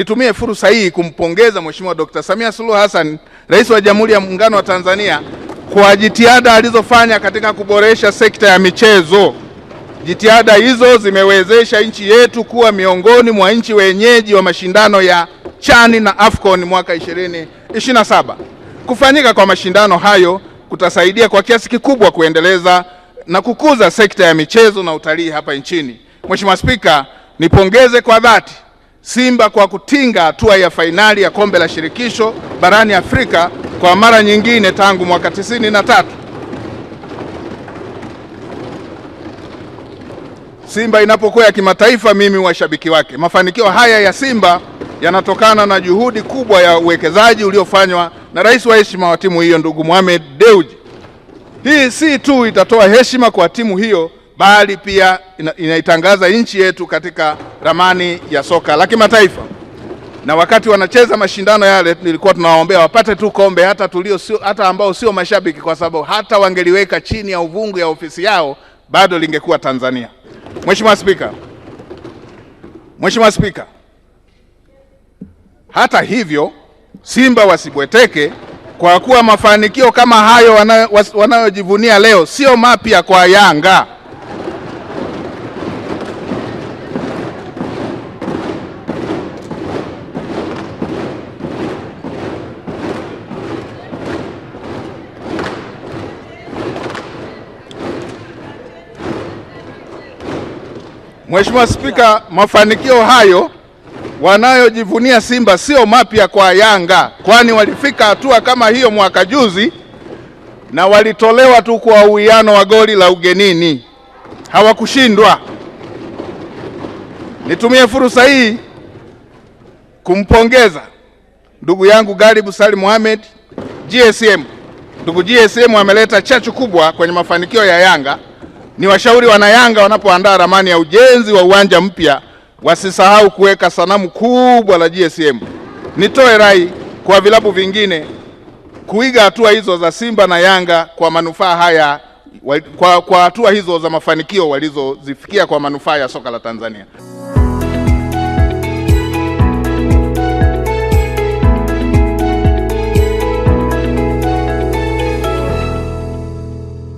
Nitumie fursa hii kumpongeza Mheshimiwa Dkt. Samia Suluhu Hassan, Rais wa Jamhuri ya Muungano wa Tanzania kwa jitihada alizofanya katika kuboresha sekta ya michezo. Jitihada hizo zimewezesha nchi yetu kuwa miongoni mwa nchi wenyeji wa mashindano ya Chani na Afcon mwaka 2027. Kufanyika kwa mashindano hayo kutasaidia kwa kiasi kikubwa kuendeleza na kukuza sekta ya michezo na utalii hapa nchini. Mheshimiwa Spika, nipongeze kwa dhati Simba kwa kutinga hatua ya fainali ya kombe la shirikisho barani Afrika kwa mara nyingine tangu mwaka 93. Simba inapokuwa ya kimataifa, mimi washabiki wake. Mafanikio haya ya Simba yanatokana na juhudi kubwa ya uwekezaji uliofanywa na rais wa heshima wa timu hiyo ndugu Mohamed Dewji. Hii si tu itatoa heshima kwa timu hiyo bali pia ina, inaitangaza nchi yetu katika ramani ya soka la kimataifa. Na wakati wanacheza mashindano yale, nilikuwa tunawaombea wapate tu kombe hata tulio sio, hata ambao sio mashabiki, kwa sababu hata wangeliweka chini ya uvungu ya ofisi yao bado lingekuwa Tanzania. Mheshimiwa Spika, Mheshimiwa Spika, hata hivyo Simba wasibweteke kwa kuwa mafanikio kama hayo wanayojivunia leo sio mapya kwa Yanga. Mheshimiwa Spika, mafanikio hayo wanayojivunia Simba sio mapya kwa Yanga, kwani walifika hatua kama hiyo mwaka juzi na walitolewa tu kwa uwiano wa goli la ugenini, hawakushindwa. Nitumie fursa hii kumpongeza ndugu yangu Garibu Salim Mohamed GSM. Ndugu GSM ameleta chachu kubwa kwenye mafanikio ya Yanga ni washauri wanayanga wanapoandaa ramani ya ujenzi wa uwanja mpya wasisahau kuweka sanamu kubwa la GSM. Nitoe rai kwa vilabu vingine kuiga hatua hizo za Simba na Yanga kwa manufaa haya kwa hatua hizo za mafanikio walizozifikia kwa manufaa ya soka la Tanzania.